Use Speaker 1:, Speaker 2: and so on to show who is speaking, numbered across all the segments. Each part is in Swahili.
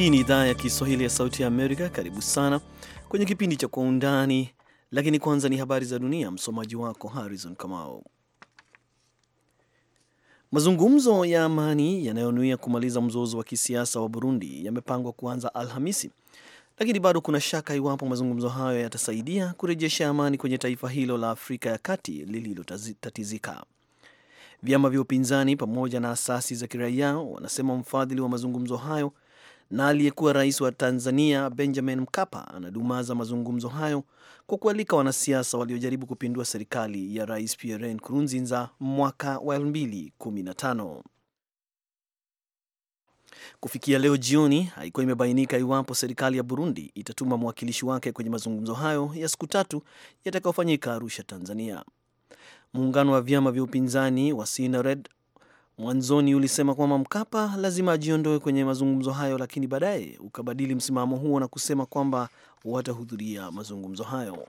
Speaker 1: Hii ni idhaa ya Kiswahili ya Sauti ya Amerika. Karibu sana kwenye kipindi cha Kwa Undani, lakini kwanza ni habari za dunia. Msomaji wako Harrison Kamau. Mazungumzo ya amani yanayonuia kumaliza mzozo wa kisiasa wa Burundi yamepangwa kuanza Alhamisi, lakini bado kuna shaka iwapo mazungumzo hayo yatasaidia kurejesha amani kwenye taifa hilo la Afrika ya kati lililotatizika. Vyama vya upinzani pamoja na asasi za kiraia wanasema mfadhili wa mazungumzo hayo na aliyekuwa rais wa Tanzania Benjamin Mkapa anadumaza mazungumzo hayo kwa kualika wanasiasa waliojaribu kupindua serikali ya Rais Pierre Nkurunziza mwaka wa 2015. Kufikia leo jioni, haikuwa imebainika iwapo serikali ya Burundi itatuma mwakilishi wake kwenye mazungumzo hayo ya siku tatu yatakayofanyika Arusha, Tanzania. Muungano wa vyama vya upinzani wa Sinared Mwanzoni ulisema kwamba Mkapa lazima ajiondoe kwenye mazungumzo hayo, lakini baadaye ukabadili msimamo huo na kusema kwamba watahudhuria mazungumzo hayo.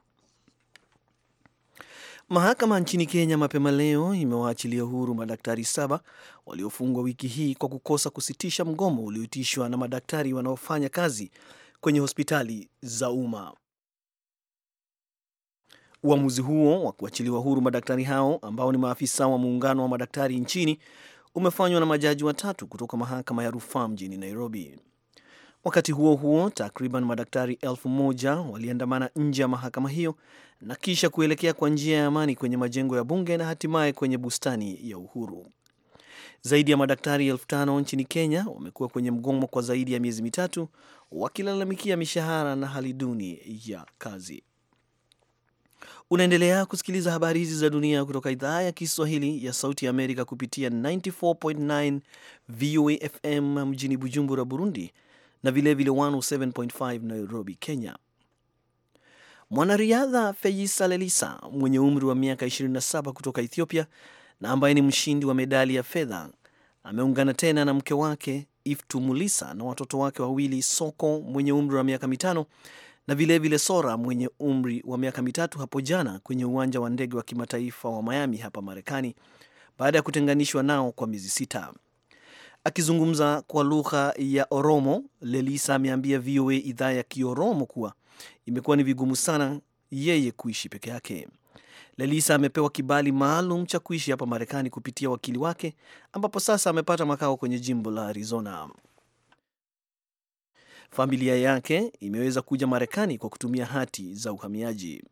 Speaker 1: Mahakama nchini Kenya mapema leo imewaachilia huru madaktari saba waliofungwa wiki hii kwa kukosa kusitisha mgomo ulioitishwa na madaktari wanaofanya kazi kwenye hospitali za umma. Uamuzi huo wa kuachiliwa huru madaktari hao ambao ni maafisa wa muungano wa madaktari nchini umefanywa na majaji watatu kutoka mahakama ya rufaa mjini Nairobi. Wakati huo huo, takriban madaktari elfu moja waliandamana nje ya mahakama hiyo na kisha kuelekea kwa njia ya amani kwenye majengo ya bunge na hatimaye kwenye bustani ya Uhuru. Zaidi ya madaktari elfu tano nchini Kenya wamekuwa kwenye mgomo kwa zaidi ya miezi mitatu wakilalamikia mishahara na hali duni ya kazi. Unaendelea kusikiliza habari hizi za dunia kutoka idhaa ya Kiswahili ya Sauti ya Amerika kupitia 94.9 VOA FM mjini Bujumbura, Burundi, na vilevile 107.5 Nairobi, Kenya. Mwanariadha Feyisa Lelisa mwenye umri wa miaka 27 kutoka Ethiopia na ambaye ni mshindi wa medali ya fedha ameungana tena na mke wake Iftu Mulisa na watoto wake wawili Soko mwenye umri wa miaka mitano na vilevile vile Sora mwenye umri wa miaka mitatu hapo jana kwenye uwanja wa ndege wa kimataifa wa Miami hapa Marekani baada ya kutenganishwa nao kwa miezi sita. Akizungumza kwa lugha ya Oromo, Lelisa ameambia VOA idhaa ya Kioromo kuwa imekuwa ni vigumu sana yeye kuishi peke yake. Lelisa amepewa kibali maalum cha kuishi hapa Marekani kupitia wakili wake, ambapo sasa amepata makao kwenye jimbo la Arizona. Familia yake imeweza kuja Marekani kwa kutumia hati za uhamiaji.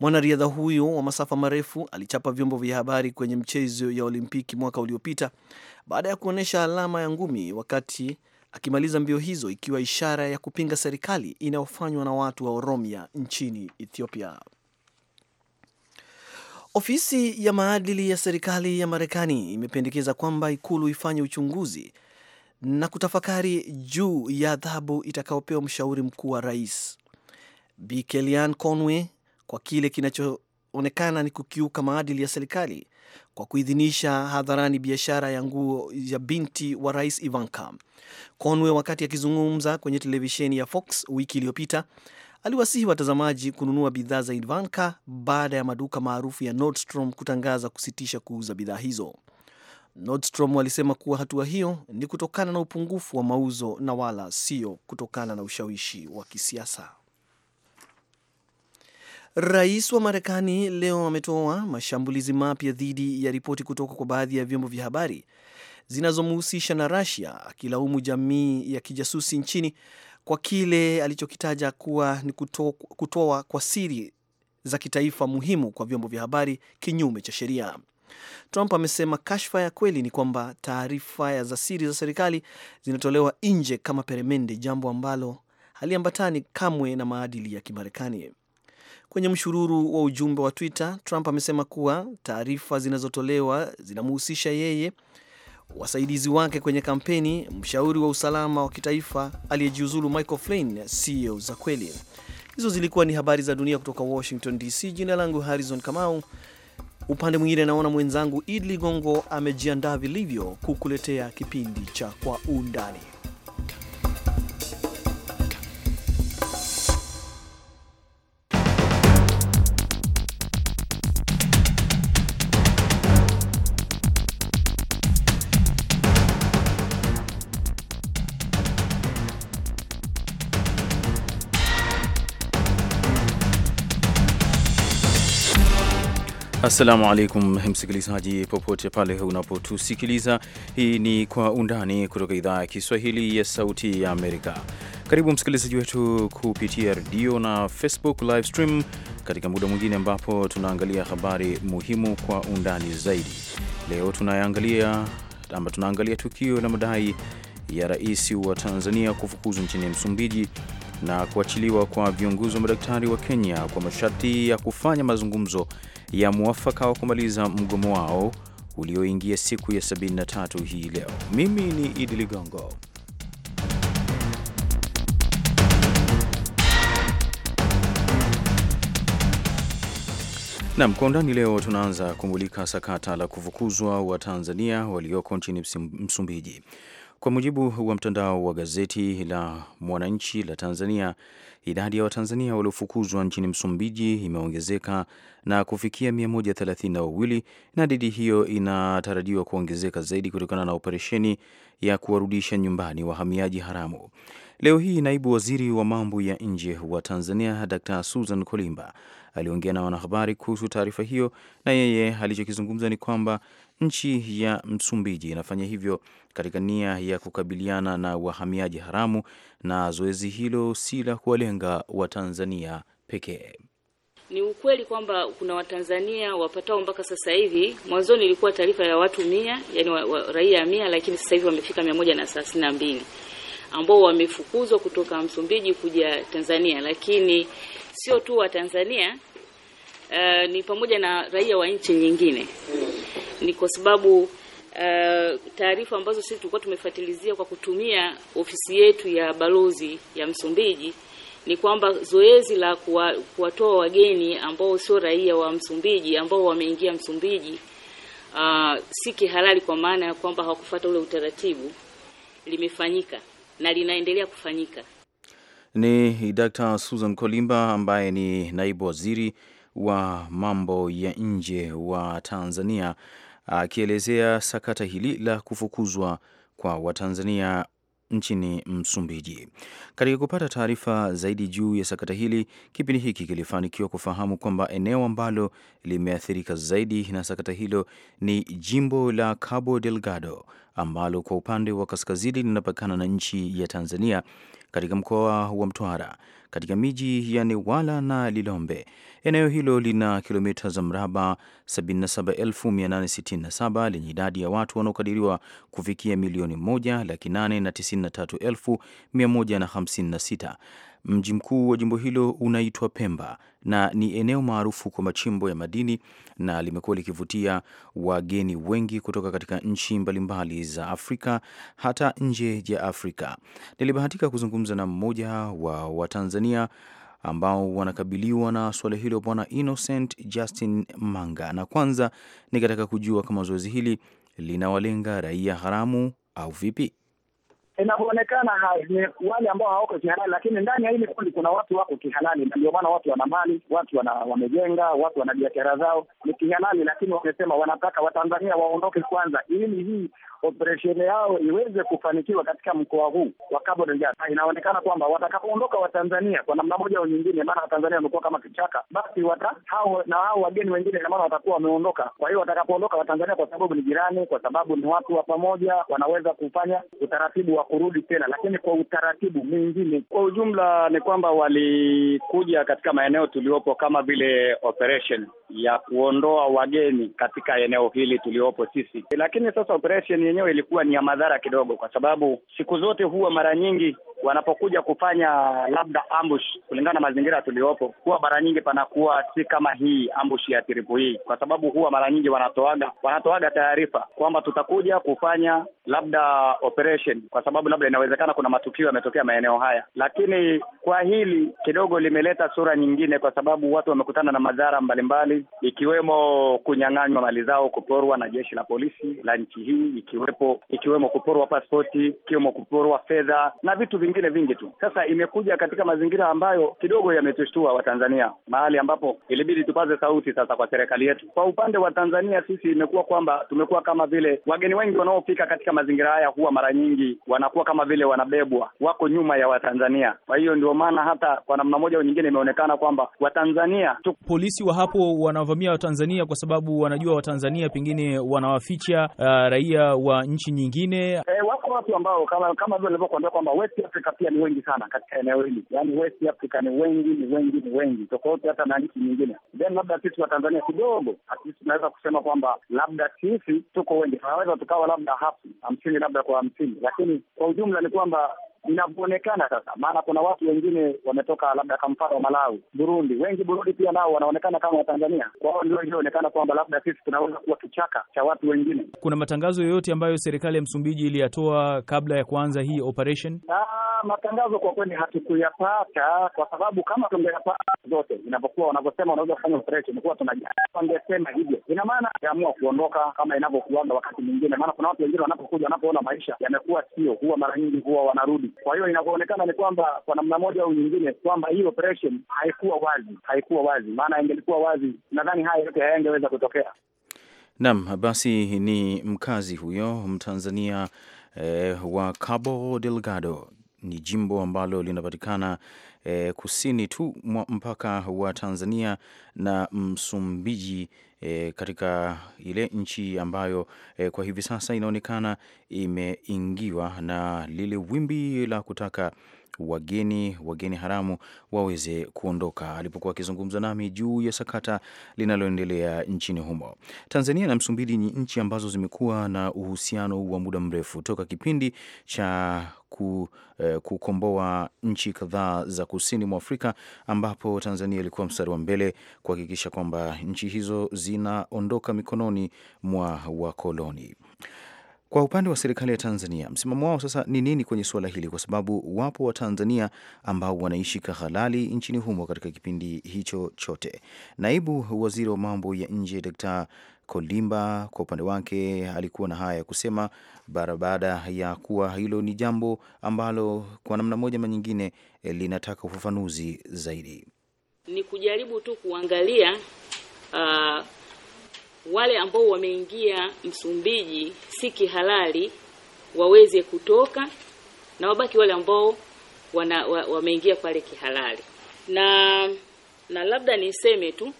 Speaker 1: Mwanariadha huyo wa masafa marefu alichapa vyombo vya habari kwenye mchezo ya Olimpiki mwaka uliopita baada ya kuonyesha alama ya ngumi wakati akimaliza mbio hizo, ikiwa ishara ya kupinga serikali inayofanywa na watu wa Oromia nchini Ethiopia. Ofisi ya maadili ya serikali ya Marekani imependekeza kwamba ikulu ifanye uchunguzi na kutafakari juu ya adhabu itakayopewa mshauri mkuu wa rais Bi Kellyanne Conway kwa kile kinachoonekana ni kukiuka maadili ya serikali kwa kuidhinisha hadharani biashara ya nguo ya binti wa rais Ivanka. Conway, wakati akizungumza kwenye televisheni ya Fox wiki iliyopita, aliwasihi watazamaji kununua bidhaa za Ivanka baada ya maduka maarufu ya Nordstrom kutangaza kusitisha kuuza bidhaa hizo. Nordstrom walisema kuwa hatua hiyo ni kutokana na upungufu wa mauzo na wala sio kutokana na ushawishi wa kisiasa. Rais wa Marekani leo ametoa mashambulizi mapya dhidi ya ripoti kutoka kwa baadhi ya vyombo vya habari zinazomhusisha na Russia, akilaumu jamii ya kijasusi nchini kwa kile alichokitaja kuwa ni kutoa kwa siri za kitaifa muhimu kwa vyombo vya habari kinyume cha sheria. Trump amesema kashfa ya kweli ni kwamba taarifa za siri za serikali zinatolewa nje kama peremende, jambo ambalo haliambatani kamwe na maadili ya Kimarekani. Kwenye mshururu wa ujumbe wa Twitter, Trump amesema kuwa taarifa zinazotolewa zinamhusisha yeye, wasaidizi wake kwenye kampeni, mshauri wa usalama wa kitaifa aliyejiuzulu Michael Flynn sio za kweli. Hizo zilikuwa ni habari za dunia kutoka Washington DC. Jina langu Harrison Kamau. Upande mwingine, naona mwenzangu Idli Gongo amejiandaa vilivyo kukuletea kipindi cha Kwa Undani.
Speaker 2: Assalamu alaikum msikilizaji, popote pale unapotusikiliza. Hii ni Kwa Undani kutoka idhaa ya Kiswahili ya Sauti ya Amerika. Karibu msikilizaji wetu kupitia redio na Facebook live stream katika muda mwingine ambapo tunaangalia habari muhimu kwa undani zaidi. Leo tunaangalia ama tunaangalia tukio la madai ya rais wa Tanzania kufukuzwa nchini Msumbiji na kuachiliwa kwa viongozi wa madaktari wa Kenya kwa masharti ya kufanya mazungumzo ya mwafaka wa kumaliza mgomo wao ulioingia siku ya 73 hii leo. Mimi ni Idi Ligongo. Nam kwa undani leo, tunaanza kumulika sakata la kufukuzwa wa Tanzania walioko nchini Msumbiji. Kwa mujibu wa mtandao wa gazeti la Mwananchi la Tanzania, idadi ya Watanzania waliofukuzwa nchini Msumbiji imeongezeka na kufikia 132 na idadi hiyo inatarajiwa kuongezeka zaidi kutokana na operesheni ya kuwarudisha nyumbani wahamiaji haramu. Leo hii naibu waziri wa mambo ya nje wa Tanzania Dr. Susan Kolimba aliongea na wanahabari kuhusu taarifa hiyo, na yeye alichokizungumza ni kwamba nchi ya Msumbiji inafanya hivyo katika nia ya kukabiliana na wahamiaji haramu, na zoezi hilo si la kuwalenga Watanzania pekee.
Speaker 3: Ni ukweli kwamba kuna Watanzania wapatao mpaka sasa hivi, mwanzoni ilikuwa taarifa ya watu mia, yani wa, wa, raia mia, lakini sasa hivi wamefika mia moja na thelathini na mbili ambao wamefukuzwa kutoka Msumbiji kuja Tanzania, lakini sio tu wa Tanzania uh, ni pamoja na raia wa nchi nyingine. Ni kwa sababu uh, taarifa ambazo sisi tulikuwa tumefuatilizia kwa kutumia ofisi yetu ya balozi ya Msumbiji ni kwamba zoezi la kuwatoa wageni ambao sio raia wa Msumbiji ambao wameingia Msumbiji uh, si kihalali kwa maana ya kwamba hawakufuata ule utaratibu limefanyika na linaendelea kufanyika
Speaker 2: ni Dr. Susan Kolimba ambaye ni naibu waziri wa mambo ya nje wa Tanzania akielezea sakata hili la kufukuzwa kwa Watanzania nchini Msumbiji. Katika kupata taarifa zaidi juu ya sakata hili, kipindi hiki kilifanikiwa kufahamu kwamba eneo ambalo limeathirika zaidi na sakata hilo ni jimbo la Cabo Delgado ambalo kwa upande wa kaskazini linapakana na nchi ya Tanzania katika mkoa wa Mtwara katika miji ya Newala na Lilombe. Eneo hilo lina kilomita za mraba 77867 lenye idadi ya watu wanaokadiriwa kufikia milioni 1 laki 8 na 93156 Mji mkuu wa jimbo hilo unaitwa Pemba na ni eneo maarufu kwa machimbo ya madini na limekuwa likivutia wageni wengi kutoka katika nchi mbalimbali za Afrika hata nje ya Afrika. Nilibahatika kuzungumza na mmoja wa Watanzania ambao wanakabiliwa na suala hilo, Bwana Innocent Justin Manga, na kwanza nikataka kujua kama zoezi hili linawalenga raia haramu au vipi?
Speaker 4: inavyoonekana wale ambao hawako kihalali, lakini ndani ya hili kundi kuna watu wako kihalali, na ndio maana watu wana mali, watu wana wamejenga, watu wana biashara zao ni kihalali, lakini wamesema wanataka Watanzania waondoke kwanza, ili hii operesheni yao iweze kufanikiwa katika mkoa huu wa Cabo Delgado. Inaonekana kwamba watakapoondoka Watanzania kwa namna moja au nyingine, maana Watanzania wamekuwa kama kichaka, basi wata hao na hao wageni wengine, ina maana watakuwa wameondoka. Kwa hiyo watakapoondoka Watanzania, kwa sababu ni jirani, kwa sababu ni watu wa pamoja, wanaweza kufanya utaratibu wa kurudi tena, lakini kwa utaratibu mwingine. Kwa ujumla ni kwamba walikuja katika maeneo tuliopo kama vile operation ya kuondoa wageni katika eneo hili tuliopo sisi, lakini sasa operation yenyewe ilikuwa ni ya madhara kidogo, kwa sababu siku zote huwa mara nyingi wanapokuja kufanya labda ambush, kulingana na mazingira tuliopo huwa mara nyingi panakuwa si kama hii ambush ya tiripu hii, kwa sababu huwa mara nyingi wanatoaga wanatoaga taarifa kwamba tutakuja kufanya labda operation, kwa sababu labda inawezekana kuna matukio yametokea maeneo haya. Lakini kwa hili kidogo limeleta sura nyingine, kwa sababu watu wamekutana na madhara mbalimbali, ikiwemo kunyang'anywa mali zao, kuporwa na jeshi la polisi la nchi hii, ikiwepo ikiwemo kuporwa paspoti ikiwemo kuporwa fedha na vitu vingi vingine vingi tu. Sasa imekuja katika mazingira ambayo kidogo yametushtua Watanzania, mahali ambapo ilibidi tupaze sauti sasa kwa serikali yetu. Kwa upande wa Tanzania sisi imekuwa kwamba tumekuwa kama vile wageni wengi wanaofika katika mazingira haya huwa mara nyingi wanakuwa kama vile wanabebwa, wako nyuma ya Watanzania. Kwa hiyo ndio maana hata kwa namna moja au nyingine imeonekana kwamba Watanzania
Speaker 5: tu... polisi wa hapo wanavamia Watanzania kwa sababu wanajua Watanzania pengine wanawaficha uh, raia wa nchi nyingine
Speaker 4: wako watu ambao kama kama vile nilivyokuambia kwamba West Africa pia ni wengi sana katika eneo hili, yaani West Africa ni wengi, ni wengi, ni wengi tofauti hata na nchi nyingine. Then labda sisi wa Tanzania kidogo sisi tunaweza kusema kwamba labda sisi tuko wengi, tunaweza tukawa labda hafu hamsini labda kwa hamsini, lakini kwa ujumla ni kwamba inavyoonekana sasa, maana kuna watu wengine wametoka labda kwa mfano wa Malawi, Burundi, wengi Burundi pia nao wanaonekana kama Watanzania. hiyo ndio ilioonekana kwamba labda sisi tunaweza kuwa kichaka cha watu wengine.
Speaker 5: Kuna matangazo yoyote ambayo serikali ya Msumbiji iliyatoa kabla ya kuanza hii operation?
Speaker 4: Ah, matangazo kwa kweli hatukuyapata kwa sababu kama tungeyapata zote, inapokuwa wanavyosema wanaweza kufanya operation, kuwa tunajaa hivyo, ina maana yaamua kuondoka kama inavyokuaga wakati mwingine, maana kuna watu wengine wanapokuja wanapoona maisha yamekuwa sio, huwa mara nyingi huwa wanarudi kwa hiyo inavyoonekana ni kwamba kwa namna moja au nyingine, kwamba hii operation haikuwa wazi, haikuwa wazi, maana ingelikuwa wazi, nadhani haya yote hayangeweza kutokea.
Speaker 2: Naam, basi ni mkazi huyo Mtanzania eh, wa Cabo Delgado ni jimbo ambalo linapatikana e, kusini tu mwa mpaka wa Tanzania na Msumbiji e, katika ile nchi ambayo e, kwa hivi sasa inaonekana imeingiwa na lile wimbi la kutaka wageni wageni haramu waweze kuondoka, alipokuwa akizungumza nami juu ya sakata linaloendelea nchini humo. Tanzania na Msumbiji ni nchi ambazo zimekuwa na uhusiano wa muda mrefu toka kipindi cha eh, kukomboa nchi kadhaa za kusini mwa Afrika ambapo Tanzania ilikuwa mstari wa mbele kuhakikisha kwamba nchi hizo zinaondoka mikononi mwa wakoloni. Kwa upande wa serikali ya Tanzania, msimamo wao sasa ni nini kwenye suala hili? Kwa sababu wapo Watanzania ambao wanaishi kihalali nchini humo katika kipindi hicho chote. Naibu waziri wa mambo ya nje Dkt. Kolimba kwa upande wake alikuwa na haya ya kusema bara baada ya kuwa hilo ni jambo ambalo kwa namna moja ama nyingine eh, linataka ufafanuzi zaidi.
Speaker 3: Ni kujaribu tu kuangalia uh, wale ambao wameingia Msumbiji si kihalali waweze kutoka na wabaki wale ambao wana, wa, wameingia pale kihalali. Na na labda niseme tu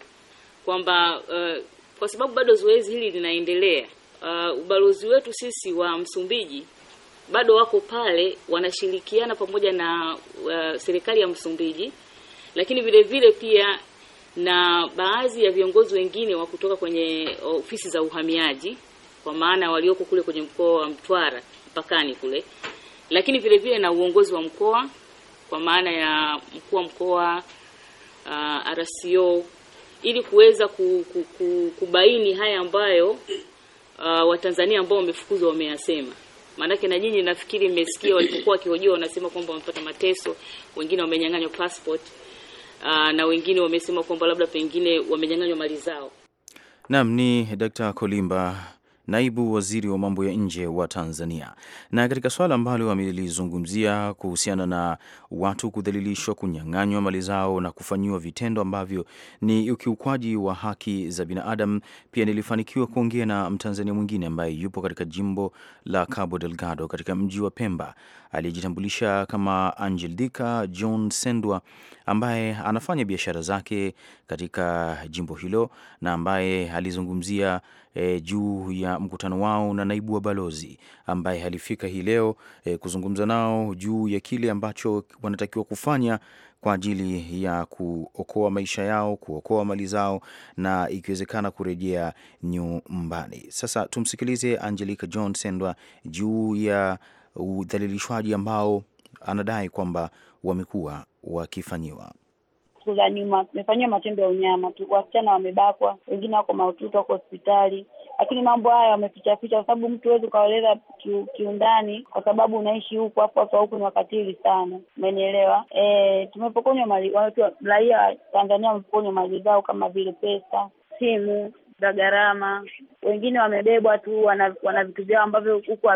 Speaker 3: kwamba uh, kwa sababu bado zoezi hili linaendelea uh, ubalozi wetu sisi wa Msumbiji bado wako pale wanashirikiana pamoja na uh, serikali ya Msumbiji, lakini vile vile pia na baadhi ya viongozi wengine wa kutoka kwenye ofisi za uhamiaji kwa maana walioko kule kwenye mkoa wa Mtwara mpakani kule, lakini vile vile na uongozi wa mkoa kwa maana ya mkuu wa mkoa uh, RCO ili kuweza ku, ku, ku, kubaini haya ambayo uh, Watanzania ambao wamefukuzwa wameyasema. Maanake na nyinyi nafikiri mmesikia walipokuwa wakihojiwa wanasema kwamba wamepata mateso, wengine wamenyang'anywa passport. Ah, na wengine wamesema kwamba labda pengine wamenyang'anywa mali zao.
Speaker 2: Naam, ni Dr. Kolimba naibu waziri wa mambo ya nje wa Tanzania. Na katika swala ambalo amelizungumzia kuhusiana na watu kudhalilishwa, kunyang'anywa mali zao na kufanyiwa vitendo ambavyo ni ukiukwaji wa haki za binadamu, pia nilifanikiwa kuongea na Mtanzania mwingine ambaye yupo katika jimbo la Cabo Delgado katika mji wa Pemba aliyejitambulisha kama Dika John Sendwa ambaye anafanya biashara zake katika jimbo hilo na ambaye alizungumzia e, juu ya mkutano wao na naibu wa balozi ambaye alifika hii leo e, kuzungumza nao juu ya kile ambacho wanatakiwa kufanya kwa ajili ya kuokoa maisha yao, kuokoa mali zao na ikiwezekana kurejea nyumbani. Sasa tumsikilize Angelica John Sendwa juu ya udhalilishwaji ambao anadai kwamba wamekuwa wakifanyiwa
Speaker 6: siku za nyuma tumefanyia matendo ya unyama tu, wasichana wamebakwa, wengine wako mahututi, wako hospitali lakini mambo haya wamefichaficha kwa sababu mtu huwezi ukaeleza kiundani, kwa sababu unaishi huku, afu watu huku ni wakatili sana, umenielewa? E, tumepokonywa mali, raia Tanzania wamepokonywa mali zao kama vile pesa, simu za gharama. Wengine wamebebwa tu, wana, wana vitu vyao ambavyo huku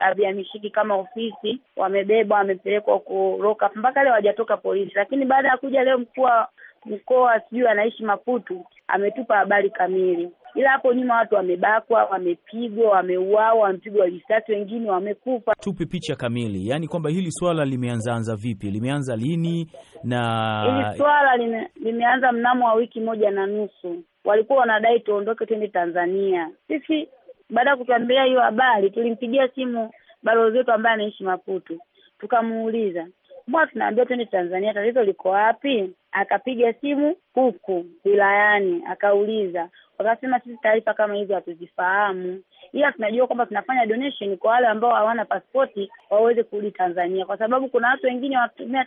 Speaker 6: haviamishiki kama ofisi, wamebebwa wamepelekwa huko Roka, mpaka leo hawajatoka polisi. Lakini baada ya kuja leo mkuu wa mkoa sijui anaishi Maputu ametupa habari kamili, ila hapo nyuma watu wamebakwa, wamepigwa,
Speaker 5: wameuawa, wamepigwa risasi, wengine wamekufa. Tupe picha kamili, yaani kwamba hili swala limeanzaanza vipi, limeanza lini? Na hili
Speaker 6: swala lime, limeanza mnamo wa wiki moja na nusu walikuwa wanadai tuondoke twende Tanzania. Sisi baada ya kutuambia hiyo habari, tulimpigia simu balozi wetu ambaye anaishi Maputo, tukamuuliza mbona tunaambia twende Tanzania, tatizo liko wapi? Akapiga simu huku wilayani, akauliza, wakasema sisi taarifa kama hizi hatuzifahamu ila tunajua kwamba tunafanya donation kwa wale ambao hawana pasipoti waweze kurudi Tanzania, kwa sababu kuna watu wengine wanatumia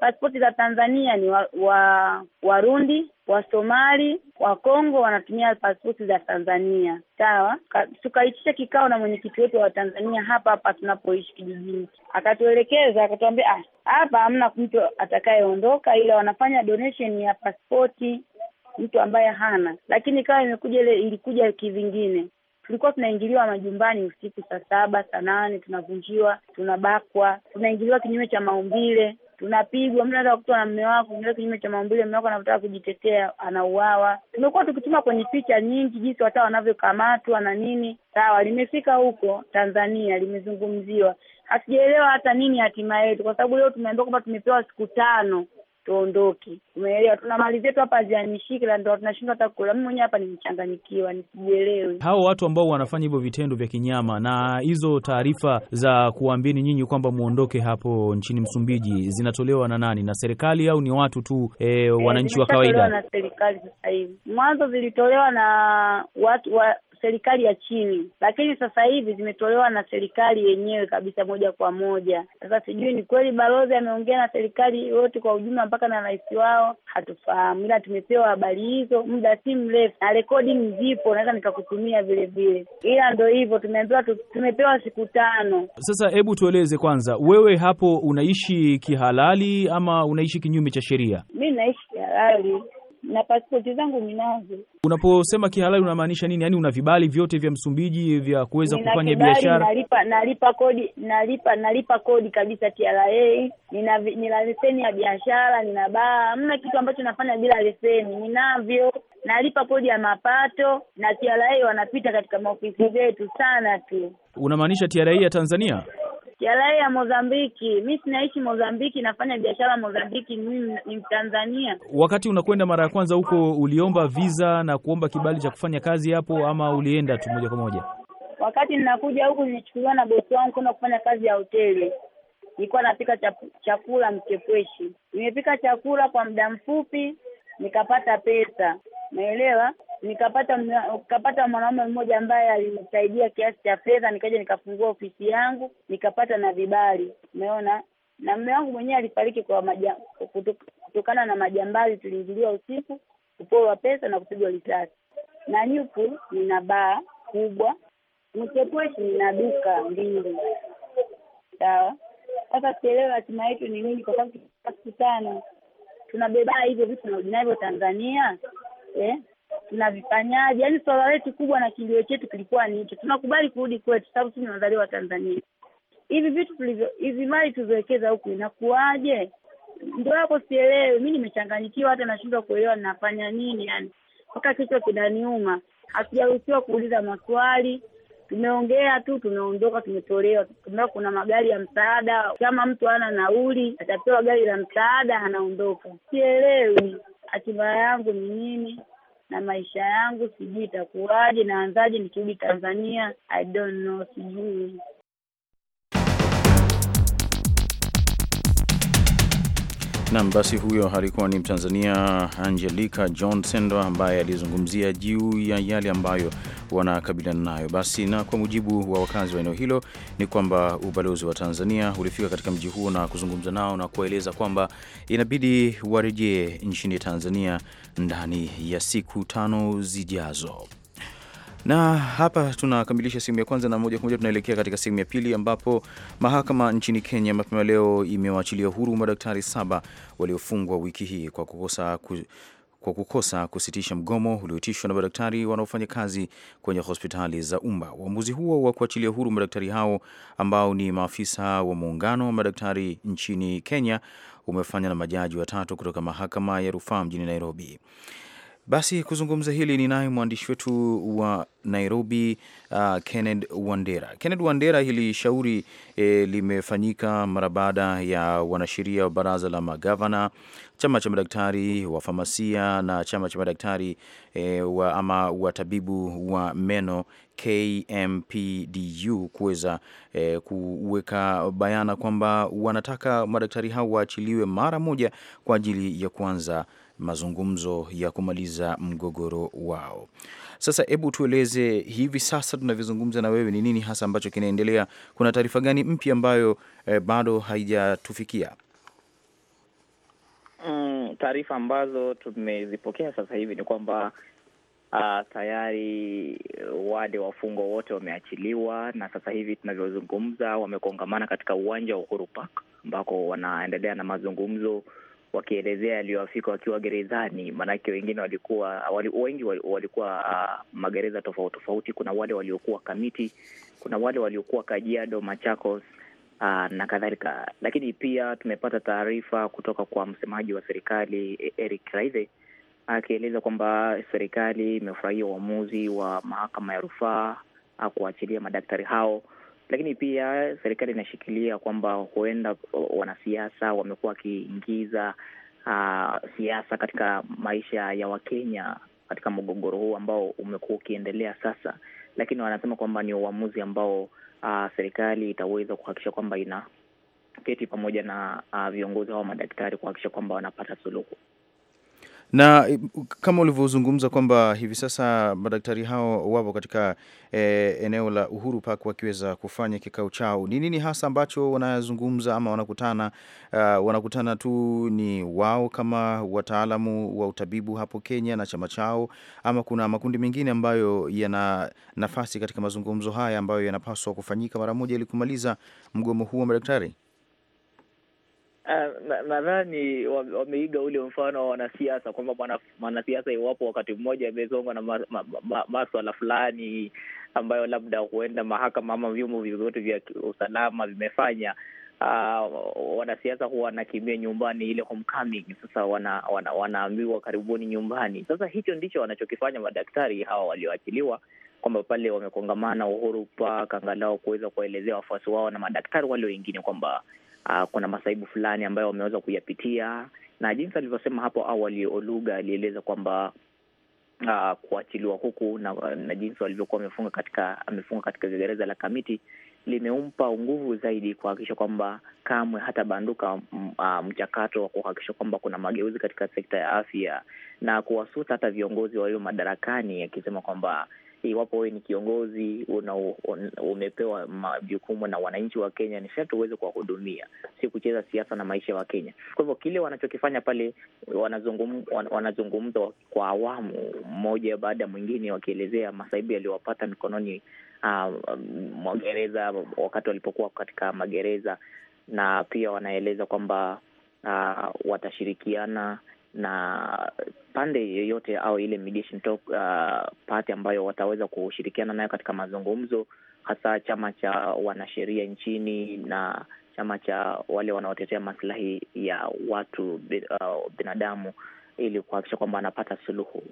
Speaker 6: pasipoti za Tanzania ni wa, wa Warundi, Wasomali, Wakongo wanatumia pasipoti za Tanzania. Sawa, tukaitisha kikao na mwenyekiti wetu wa Tanzania hapa hapa tunapoishi kijijini, akatuelekeza akatuambia, ah, hapa hamna mtu atakayeondoka, ila wanafanya donation ya pasipoti mtu ambaye hana, lakini ikawa imekuja ile ilikuja kivingine tulikuwa tunaingiliwa majumbani usiku saa saba saa nane tunavunjiwa, tunabakwa, tunaingiliwa kinyume cha maumbile, tunapigwa. Mtu anaeza kukutwa na mme wako, unaenda kinyume cha maumbile, mme wako anavotaka kujitetea, anauawa. Tumekuwa tukituma kwenye picha nyingi jinsi wataa wanavyokamatwa na nini. Sawa, limefika huko Tanzania, limezungumziwa, hatujaelewa hata nini hatima yetu, kwa sababu leo tumeambiwa kwamba tumepewa siku tano tuondoke, umeelewa? Tuna mali zetu hapa hazianishiki, la ndo tunashindwa hata kula. Mimi mwenyewe hapa nimechanganyikiwa, nisijielewe.
Speaker 5: Hao watu ambao wanafanya hivyo vitendo vya kinyama na hizo taarifa za kuwaambieni nyinyi kwamba muondoke hapo nchini Msumbiji zinatolewa na nani, na serikali au ni watu tu e, e, wananchi wa eh, kawaida? Na
Speaker 4: serikali
Speaker 6: sasa hivi, mwanzo zilitolewa na watu wa serikali ya chini, lakini sasa hivi zimetolewa na serikali yenyewe kabisa moja kwa moja. Sasa sijui ni kweli balozi ameongea na serikali yote kwa ujumla mpaka na rais wao, hatufahamu, ila tumepewa habari hizo muda si mrefu, na rekodi zipo, naweza nikakutumia vile vile, ila ndo hivyo tumeambiwa, tumepewa siku tano.
Speaker 5: Sasa hebu tueleze kwanza, wewe hapo unaishi kihalali ama unaishi kinyume cha sheria?
Speaker 6: Mi naishi kihalali na pasipoti zangu ninazo.
Speaker 5: Unaposema kihalali unamaanisha nini? Yaani una vibali vyote vya Msumbiji vya kuweza kufanya biashara?
Speaker 6: Nalipa, nalipa kodi nalipa nalipa kodi kabisa TRA, nina nina leseni ya biashara, nina baa, hamna kitu ambacho nafanya bila leseni, ninavyo nalipa kodi ya mapato na TRA wanapita katika maofisi zetu sana tu.
Speaker 5: Unamaanisha TRA ya Tanzania?
Speaker 6: Jalai ya Mozambiki. Mi sinaishi Mozambiki, nafanya biashara Mozambiki, ni Mtanzania.
Speaker 5: Wakati unakwenda mara ya kwanza huko, uliomba visa na kuomba kibali cha kufanya kazi hapo, ama ulienda tu moja kwa moja?
Speaker 6: Wakati ninakuja huku, nilichukuliwa na bosi wangu kwenda kufanya kazi ya hoteli. Nilikuwa napika chakula mchepweshi, nimepika chakula kwa muda mfupi nikapata pesa, naelewa nikapata nikapata mwanaume mmoja ambaye alinisaidia kiasi cha fedha, nikaja nikafungua ofisi yangu, nikapata na vibali. Umeona, na mume wangu mwenyewe alifariki kwa maja, kutokana na majambazi. Tuliingiliwa usiku, kuporwa pesa na kupigwa risasi. Na nyuku nina baa kubwa, Mchepweshi nina duka mbili. Sawa, sasa sielewe hatima yetu ni nini, kwa sababu tunakutana tunabebaa hivyo vitu navyo Tanzania eh? tunavifanyaje? yani swala letu kubwa na kilio chetu kilikuwa ni hicho, tunakubali kurudi kwetu sababu sisi wa Tanzania. Hivi vitu tulivyo, hizi mali tulizowekeza huku inakuwaje? Ndio hapo sielewi mimi, nimechanganyikiwa, hata nashindwa kuelewa ninafanya nini, yani mpaka kichwa kinaniuma. Hatujaruhusiwa kuuliza maswali tumeongea tu, tumeondoka, tumetolewa. Tumeona kuna magari ya msaada, kama mtu ana nauli atapewa gari la msaada, anaondoka. Sielewi hatima yangu ni nini na maisha yangu sijui itakuwaje, naanzaje nikirudi Tanzania, I don't
Speaker 4: know, sijui.
Speaker 2: Nam, basi huyo alikuwa ni Mtanzania Angelica John Sendwa ambaye alizungumzia juu ya yale ambayo wanakabiliana nayo. Basi, na kwa mujibu wa wakazi wa eneo hilo ni kwamba ubalozi wa Tanzania ulifika katika mji huo na kuzungumza nao na kuwaeleza kwamba inabidi warejee nchini Tanzania ndani ya siku tano zijazo. Na hapa tunakamilisha sehemu ya kwanza, na moja kwa moja tunaelekea katika sehemu ya pili, ambapo mahakama nchini Kenya mapema leo imewaachilia huru madaktari saba waliofungwa wiki hii kwa kukosa ku kwa kukosa kusitisha mgomo ulioitishwa na madaktari wanaofanya kazi kwenye hospitali za umma. Uamuzi huo wa kuachilia huru madaktari hao ambao ni maafisa wa muungano wa madaktari nchini Kenya umefanywa na majaji watatu kutoka mahakama ya rufaa mjini Nairobi. Basi kuzungumza hili ni naye mwandishi wetu wa Nairobi, uh, Kenneth Wandera. Kenneth Wandera, hili shauri eh, limefanyika mara baada ya wanasheria wa baraza la magavana, chama cha madaktari wa famasia na chama cha madaktari eh, wa, ama watabibu wa meno KMPDU kuweza eh, kuweka bayana kwamba wanataka madaktari hao waachiliwe mara moja kwa ajili ya kuanza mazungumzo ya kumaliza mgogoro wao. Sasa hebu tueleze, hivi sasa tunavyozungumza na wewe, ni nini hasa ambacho kinaendelea? Kuna taarifa gani mpya ambayo eh, bado haijatufikia?
Speaker 7: Mm, taarifa ambazo tumezipokea sasa hivi ni kwamba Uh, tayari wale wafungwa wote wameachiliwa na sasa hivi tunavyozungumza wamekongamana katika uwanja wa Uhuru Park ambako wanaendelea na mazungumzo wakielezea yaliyowafika wakiwa gerezani. Maanake wengine walikuwa wali, wengi walikuwa uh, magereza tofauti tofauti. Kuna wale waliokuwa Kamiti, kuna wale waliokuwa Kajiado, Machakos uh, na kadhalika. Lakini pia tumepata taarifa kutoka kwa msemaji wa serikali e, Eric raihe akieleza kwamba serikali imefurahia uamuzi wa mahakama ya rufaa ah, kuachilia madaktari hao lakini pia serikali inashikilia kwamba huenda wanasiasa wamekuwa wakiingiza uh, siasa katika maisha ya Wakenya katika mgogoro huu ambao umekuwa ukiendelea sasa, lakini wanasema kwamba ni uamuzi ambao uh, serikali itaweza kuhakikisha kwamba ina keti pamoja na uh, viongozi hao madaktari kuhakikisha kwamba wanapata suluhu.
Speaker 2: Na eh, kama ulivyozungumza kwamba hivi sasa madaktari hao wapo katika e, eneo la Uhuru Park wakiweza kufanya kikao chao, ni nini hasa ambacho wanazungumza ama wanakutana? Uh, wanakutana tu ni wao kama wataalamu wa utabibu hapo Kenya na chama chao, ama kuna makundi mengine ambayo yana nafasi katika mazungumzo haya ambayo yanapaswa kufanyika mara moja ili kumaliza mgomo huu wa madaktari?
Speaker 7: Ah, nadhani na wameiga ule mfano wa wanasiasa kwamba mwanasiasa iwapo wakati mmoja amezongwa na maswala ma, ma, ma, fulani ambayo labda huenda mahakama ama vyombo vyovyote vya usalama vimefanya, uh, wanasiasa huwa wanakimbia nyumbani, ile homecoming. Sasa wana, wana, wanaambiwa karibuni nyumbani. Sasa hicho ndicho wanachokifanya madaktari hawa walioachiliwa kwamba pale wamekongamana Uhuru Park angalau kuweza kuwaelezea wafuasi wao na madaktari wale wengine kwamba uh, kuna masaibu fulani ambayo wameweza kuyapitia, na jinsi alivyosema hapo awali, Oluga alieleza kwamba uh, kuachiliwa huku na, na jinsi walivyokuwa amefunga katika amefunga katika gereza la Kamiti limeumpa nguvu zaidi kuhakikisha kwamba kamwe hata banduka mm, ah, mchakato wa kuhakikisha kwamba kuna mageuzi katika sekta ya afya na kuwasuta hata viongozi walio madarakani, akisema kwamba iwapo wewe ni kiongozi una, un, umepewa majukumu na wananchi wa Kenya, ni sharti uweze kuwahudumia, si kucheza siasa na maisha ya Wakenya. Kwa hivyo kile wanachokifanya pale, wanazungum, wan, wanazungumza kwa awamu mmoja baada ya mwingine, wakielezea masaibu yaliyowapata mikononi uh, magereza wakati walipokuwa katika magereza, na pia wanaeleza kwamba uh, watashirikiana na pande yoyote au ile mediation talk, uh, party ambayo wataweza kushirikiana nayo katika mazungumzo, hasa chama cha wanasheria nchini na chama cha wale wanaotetea maslahi ya watu uh, binadamu, ili kuhakikisha kwamba anapata suluhu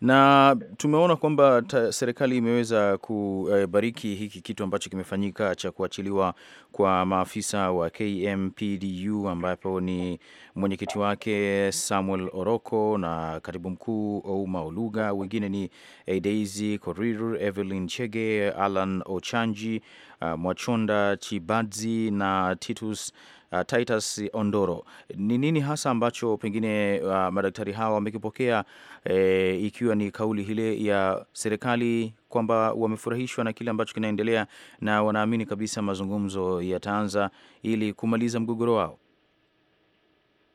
Speaker 2: na tumeona kwamba serikali imeweza kubariki eh, hiki kitu ambacho kimefanyika cha kuachiliwa kwa maafisa wa KMPDU ambapo ni mwenyekiti wake Samuel Oroko na katibu mkuu Ouma Oluga, wengine ni eh, Daisy Korir, Evelyn Chege, Alan Ochanji, eh, Mwachonda Chibadzi na Titus uh, Titus Ondoro, ni nini hasa ambacho pengine uh, madaktari hawa wamekipokea eh, ikiwa ni kauli ile ya serikali kwamba wamefurahishwa na kile ambacho kinaendelea na wanaamini kabisa mazungumzo yataanza ili kumaliza mgogoro wao?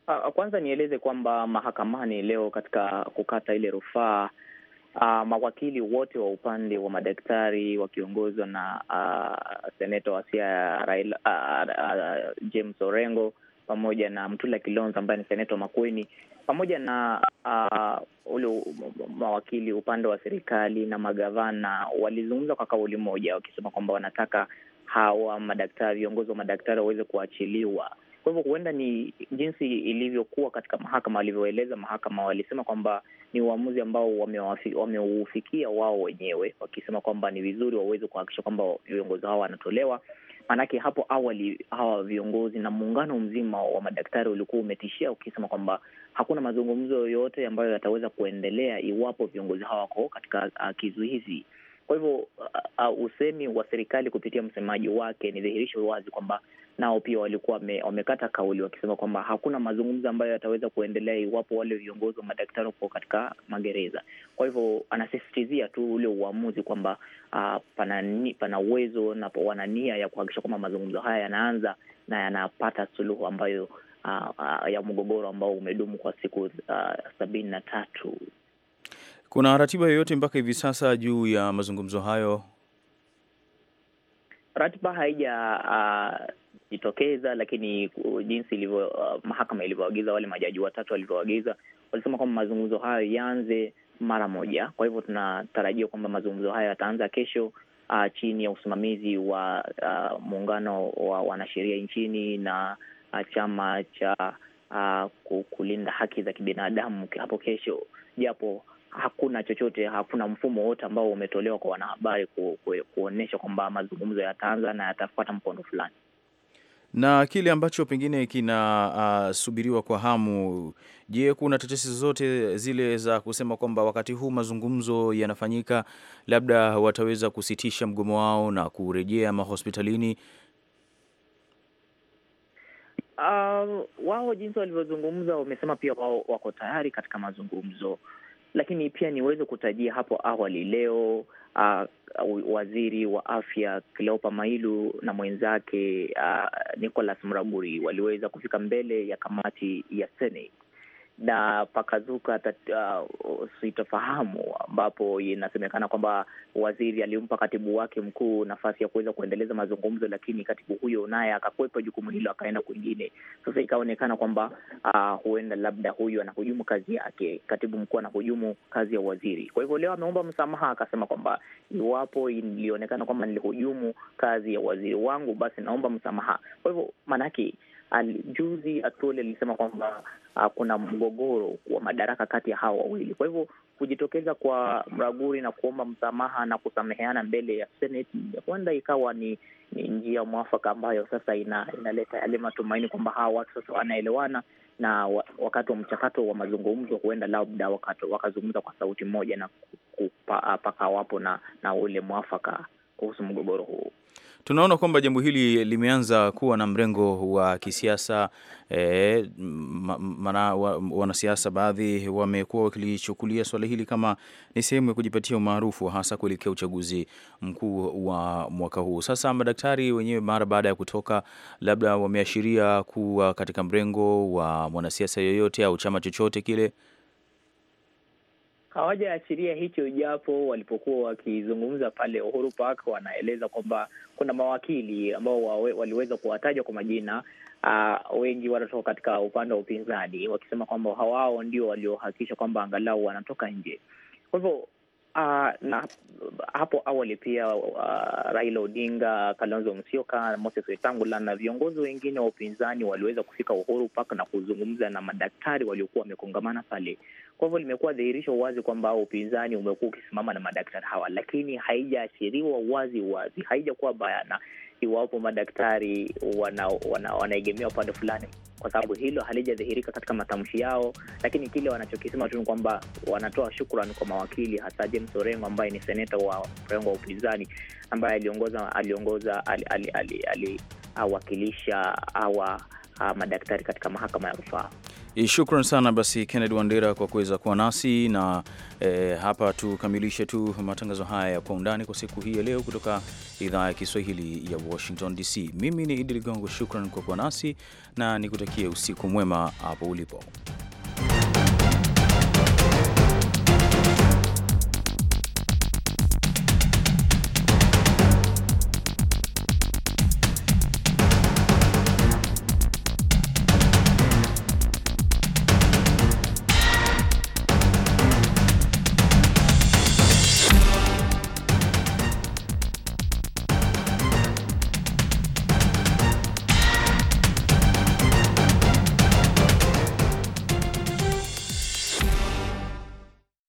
Speaker 7: Uh, kwanza nieleze kwamba mahakamani leo katika kukata ile rufaa Uh, mawakili wote wa upande wa madaktari wakiongozwa na uh, seneta wa Siaya uh, uh, James Orengo pamoja na Mtula Kilonzo ambaye ni seneta wa Makueni pamoja na uh, ule mawakili upande wa serikali na magavana walizungumza kwa kauli moja, wakisema kwamba wanataka hawa madaktari, viongozi wa madaktari waweze kuachiliwa. Kwa hivyo huenda ni jinsi ilivyokuwa katika mahakama, walivyoeleza mahakama, walisema kwamba ni uamuzi ambao wameufikia wao wenyewe, wakisema kwamba ni vizuri waweze kuhakikisha kwamba viongozi hao wanatolewa. Maanake hapo awali hawa viongozi na muungano mzima wa madaktari ulikuwa umetishia ukisema kwamba hakuna mazungumzo yoyote ambayo yataweza kuendelea iwapo viongozi hawa wako katika ah, kizuizi. Kwa hivyo uh, usemi wa serikali kupitia msemaji wake ni dhihirisho wazi kwamba nao pia walikuwa wamekata kauli wakisema kwamba hakuna mazungumzo ambayo yataweza kuendelea iwapo wale viongozi wa madaktari wapo katika magereza. Kwa hivyo anasisitizia tu ule uamuzi kwamba uh, pana, pana uwezo na wana nia ya kuhakikisha kwamba mazungumzo haya yanaanza na yanapata suluhu ambayo Uh, uh, ya mgogoro ambao umedumu kwa siku uh, sabini na tatu
Speaker 2: kuna ratiba yoyote mpaka hivi sasa juu ya mazungumzo hayo?
Speaker 7: Ratiba haija uh, lakini uh, jinsi ilivyo, uh, mahakama ilivyoagiza, wale majaji watatu walivyoagiza, walisema kwamba mazungumzo hayo yaanze mara moja. Kwa hivyo tunatarajia kwamba mazungumzo hayo yataanza kesho, uh, chini ya usimamizi wa uh, muungano wa wanasheria nchini na uh, chama cha uh, kulinda haki za kibinadamu hapo kesho, japo hakuna chochote, hakuna mfumo wote ambao umetolewa kwa wanahabari ku, ku, kuonyesha kwamba mazungumzo yataanza na yatafuata mkondo fulani
Speaker 2: na kile ambacho pengine kinasubiriwa ah, uh, kwa hamu. Je, kuna tetesi zozote zile za kusema kwamba wakati huu mazungumzo yanafanyika, labda wataweza kusitisha mgomo wao na kurejea mahospitalini?
Speaker 7: Uh, wao jinsi walivyozungumza, wamesema pia wao wako tayari katika mazungumzo lakini pia niweze kutajia hapo awali leo uh, waziri wa afya kleopa Mailu na mwenzake uh, Nicholas Mraguri waliweza kufika mbele ya kamati ya Senate na pakazuka uh, sitofahamu ambapo inasemekana kwamba waziri alimpa katibu wake mkuu nafasi ya kuweza kuendeleza mazungumzo, lakini katibu huyo naye akakwepa jukumu hilo akaenda kwingine. Sasa ikaonekana kwamba uh, huenda labda huyu anahujumu kazi yake, katibu mkuu anahujumu kazi ya waziri. Kwa hivyo leo ameomba msamaha, akasema kwamba iwapo ilionekana kwamba nilihujumu kazi ya waziri wangu, basi naomba msamaha. Kwa hivyo maanake Ah, juzi atuole alisema kwamba uh, kuna mgogoro wa madaraka kati ya hawa wawili. Kwa hivyo kujitokeza kwa Mraguri na kuomba msamaha na kusameheana mbele ya Seneti huenda ikawa ni, ni njia mwafaka ambayo sasa ina, inaleta yale matumaini kwamba hawa watu sasa wanaelewana na wakati wa mchakato wa mazungumzo huenda labda wakazungumza kwa sauti moja na pakawapo na, na ule mwafaka kuhusu mgogoro
Speaker 2: huu tunaona kwamba jambo hili limeanza kuwa na mrengo wa kisiasa eh, maana wanasiasa wa baadhi wamekuwa wakilichukulia swala hili kama ni sehemu ya kujipatia umaarufu hasa kuelekea uchaguzi mkuu wa mwaka huu. Sasa madaktari wenyewe mara baada ya kutoka, labda wameashiria kuwa katika mrengo wa mwanasiasa yoyote au chama chochote kile
Speaker 7: hawajaachiria hicho, japo walipokuwa wakizungumza pale Uhuru Park wanaeleza kwamba kuna mawakili ambao waliweza kuwataja kwa majina uh, wengi wanatoka katika upande wa upinzani, wakisema kwamba hawao ndio waliohakikisha kwamba angalau wanatoka nje. Kwa hivyo Uh, na hapo awali pia uh, Raila Odinga, Kalonzo Musyoka, Moses Wetangula na viongozi wengine wa upinzani waliweza kufika Uhuru Park na kuzungumza na madaktari waliokuwa wamekongamana pale, kwa hivyo limekuwa dhihirisho wazi kwamba upinzani umekuwa ukisimama na madaktari hawa, lakini haijaashiriwa wazi wazi, haijakuwa bayana iwapo madaktari wanaegemea wana, wana upande fulani, kwa sababu hilo halijadhihirika katika matamshi yao. Lakini kile wanachokisema tu ni kwamba wanatoa shukrani kwa mawakili, hasa James Orengo ambaye ni seneta wa mrengo wa upinzani ambaye aliongoza aliongoza aliwakilisha ali, ali, ali, ali, awa madaktari katika mahakama ya rufaa.
Speaker 2: Eh, shukran sana basi Kennedy Wandera kwa kuweza kuwa nasi na e, hapa tukamilishe tu matangazo haya ya kwa undani kwa siku hii ya leo kutoka idhaa ya Kiswahili ya Washington DC. Mimi ni Idi Ligongo, shukran kwa kuwa nasi na nikutakie usiku mwema hapo ulipo.